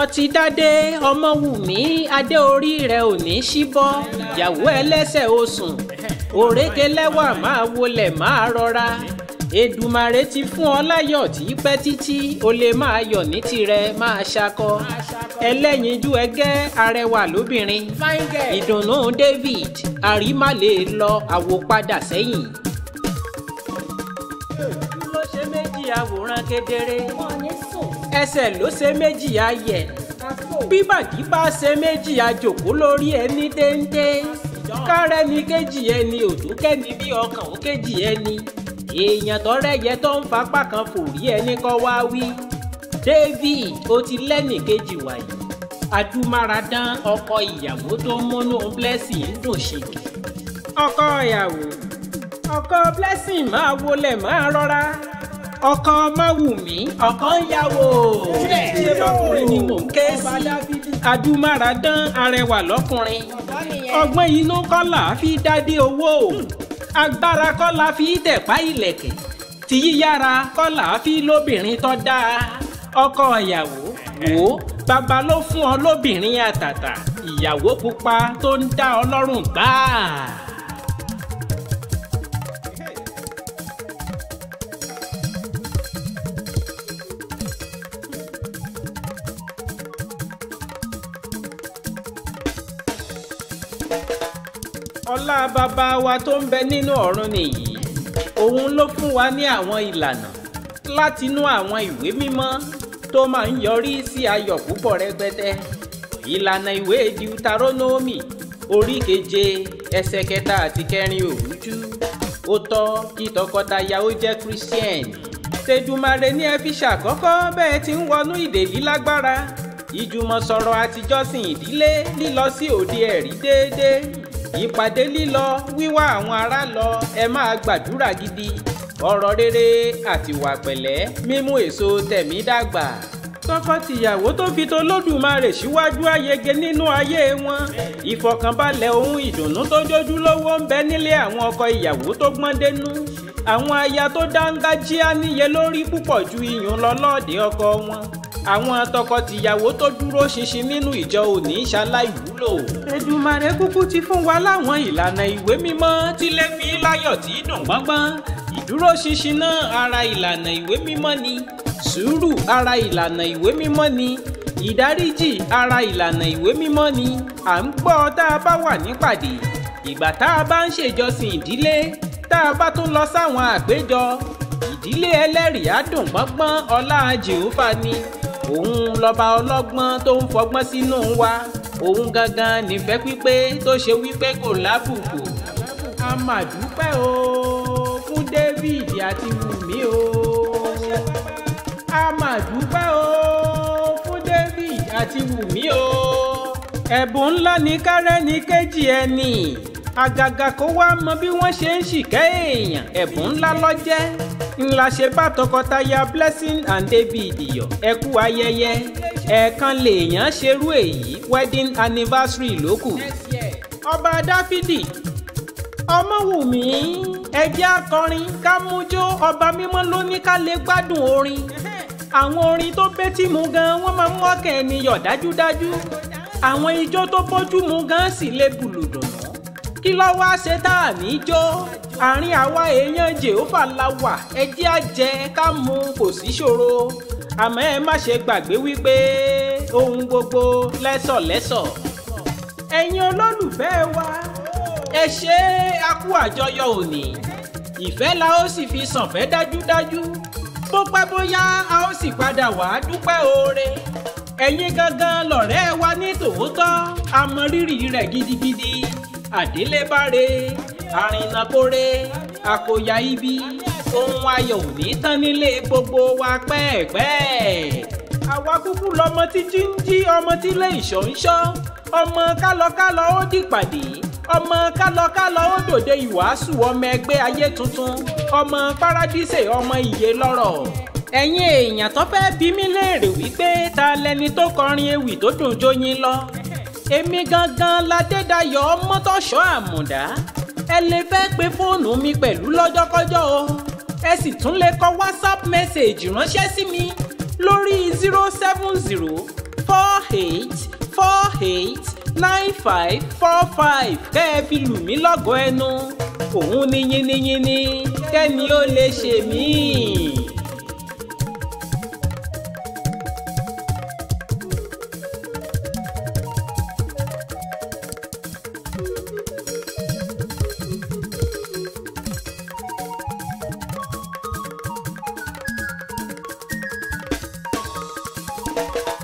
ọtí dádé ọmọwùmí adé orí rẹ ò ní ṣíbọ ìyàwó ẹlẹ́sẹ̀ osùn òrékè lẹ́wà máa wọlẹ̀ máa rọra èdùmàrè ti fún ọ láyọ̀ tí pẹ́ títí o lè máa yọ̀ ní tirẹ̀ máa ṣakọ ẹlẹ́yinjú ẹgẹ́ arẹwà lóbìnrin ìdùnnú David àrímà lè lọ àwòpadà sẹ́yìn ojú ló ṣe méjì àwòrán kedere ẹsẹ̀ ló ṣe méjì ayẹ̀ bíbàdí bá ṣe méjì àjòkó lórí ẹni déńdé kárẹ́ ni kejì ẹni òdúkẹ́ni bí ọkàn ó kejì ẹni èèyàn tọ́rẹ́yẹ tó ń fapá kan fòrí ẹni kọ́ wá wí David ó ti lẹ́nì kejì wàyí adúmáradán ọkọ ìyàwó tó ń múnú blessing dùn ṣèkì ọkọ ìyàwó ọkọ blessing máa wọlé máa rọra ọkọ máwùmí ọkọ ń yàwó ṣe lọkùnrin ni mò ń ké sí adúmáradán arẹwà lọkùnrin ọgbọ́n inú kọ́là fi dádé owó agbára kọ́là fi tẹ̀pá ìlẹ̀kẹ̀ tí yíyára kọ́là fi lóbìnrin tó dáa ọkọ ìyàwó wò ó bàbá ló fún ọ lóbìnrin àtàtà ìyàwó pupa tó ń dá ọ lọ́rùn gbáà. ọlá bàbá wa tó ń bẹ nínú ọ̀run nìyí òun ló fún wa ní àwọn ìlànà látinú àwọn ìwé mímọ́ tó máa ń yọrí sí ayọ̀ púpọ̀ rẹpẹtẹ ìlànà ìwé deuteronomy orí keje ẹsẹ̀ kẹta àti kẹrin òrújú ó tọ́ kí tọkọtaya ó jẹ́ christian tẹdùmarè ní ẹ fi ṣàkọ́kọ́ bẹ́ẹ̀ ti ń wọnú ìdè lílágbára ìjùmọ̀sọ̀rọ̀ àtijọ́sìn ìdílé lílọ sí òde ẹ̀rí déédéé ìpàdé lílọ wíwá àwọn ará lọ ẹ máa gbàdúrà gidi ọ̀rọ̀ rere àtiwà pẹ̀lẹ́ mímú èso tẹ̀mí dàgbà tọkọ-tìyàwó tó fi tolódùmarè síwájú ayege nínú ayé wọn ìfọ̀kànbalẹ̀ ohun ìdùnnú tó jójúlówó ń bẹ nílé àwọn ọkọ ìyàwó tó gbọ́n dénú àwọn aya tó dángájíá níye lórí púpọ̀ ju iyùn lọ lọ́ọ̀dẹ̀ ọkọ wọn àwọn tọkọtìyàwó tó dúró ṣinṣin nínú ìjọ òní ṣaláìwúlò. Èdùmàrè kúkú ti fún wa láwọn ìlànà ìwé mímọ́ tílé fi láyọ̀ tí dùn gbọ́ngbọ́n ìdúró ṣinṣin náà ara ìlànà ìwé mímọ́ ni sùúrù ara ìlànà ìwé mímọ́ ni ìdáríjì ara ìlànà ìwé mímọ́ ni à ń gbọ́ tá a bá wà nípàdé ìgbà tá a bá ń ṣèjọsìn ìdílé tá a bá tún lọ sáwọn àpéjọ ìdílé ẹlẹ́rìí á dùn gbọ́ngbọ́n ọlá Jèhófà ni òun lọ́ba ọlọ́gbọ́n tó ń fọgbọ́n sínú wa òun gangan nífẹ̀ẹ́ pípé tó ṣe wípé kò lábùkù a mà dúpẹ́ o fún David àti Wùmí o a mà dúpẹ́ o fún David àti Wùmí o ẹ̀bùn ńlá ní kárẹ́ni kejì ẹni àgàgà kó wá mọ bí wọ́n ṣe ń ṣìkẹ́ èèyàn ẹ̀bùn ńlá ló ńlá ṣe bá tọkọtaya Blessing and David yọ ẹ kú ayẹyẹ ẹ̀ẹ̀kan lèèyàn ṣerú èyí wedding anniversary ló kù ọba Dáfídì Ọmọwùmí ẹjẹ́ akọrin kámújó ọba mímọ́ ló ní ká lè gbádùn orin àwọn orin tó bẹ́tí mu gan wọ́n máa ń mọ́kàn ẹni yọ̀ dájúdájú àwọn ijó tó bójú mu gan sì lè bùlùdùn kí ló wá ṣe tá à ní jó àárín àwa èèyàn Jèhófà la wà ẹ jẹ́ ká mu kò sí ṣòro àmọ́ ẹ má ṣe gbàgbé wípé ohun gbogbo lẹ́sọ̀lẹ́sọ̀ ẹ̀yin olólùfẹ́ wa ẹ ṣe a kú àjọyọ̀ òní ìfẹ́ la ó sì fi sàn fẹ́ dájúdájú bó pẹ́ bóyá a ó sì padà wá dúpẹ́ oore ẹ̀yin gangan lọ̀rẹ́ wa ní tòótọ́ àmọ́ rírì rẹ̀ gidigidi àdélébáre àrìnà kórè àkòyà ibi ohun ayọ̀ ò ní tán nílé gbogbo wa pẹ́ẹ̀pẹ́. àwa kúkú lọmọ tí jíjí ọmọ tí ilé ìṣọ́ ń ṣọ́ ọmọ kálọkálọ ó dìpàdé ọmọ kálọkálọ ó dòde ìwàásù ọmọ ẹgbẹ́ ayé tuntun ọmọ párádísè ọmọ ìyè lọ́rọ̀ ẹ̀yin èèyàn tó fẹ́ bí mí léèrè wípé ta lẹni tó kọrin ewì tó dùn jóyin lọ èmi gangan ládédayọ̀ ọmọtọ́ṣọ́ àmùdá ẹ lè fẹ́ pe fóònù mi pẹ̀lú lọ́jọ́kọ́jọ́ o ẹ sì tún lè kọ whatsapp message ránṣẹ́ sí mi lórí zero seven zero four eight four eight nine five four five kẹ́ ẹ fi lù mí lọ́gọ̀ọ́ ẹnu òun ni yínníyínní kẹ́ni ó lè ṣe míì. Thank you.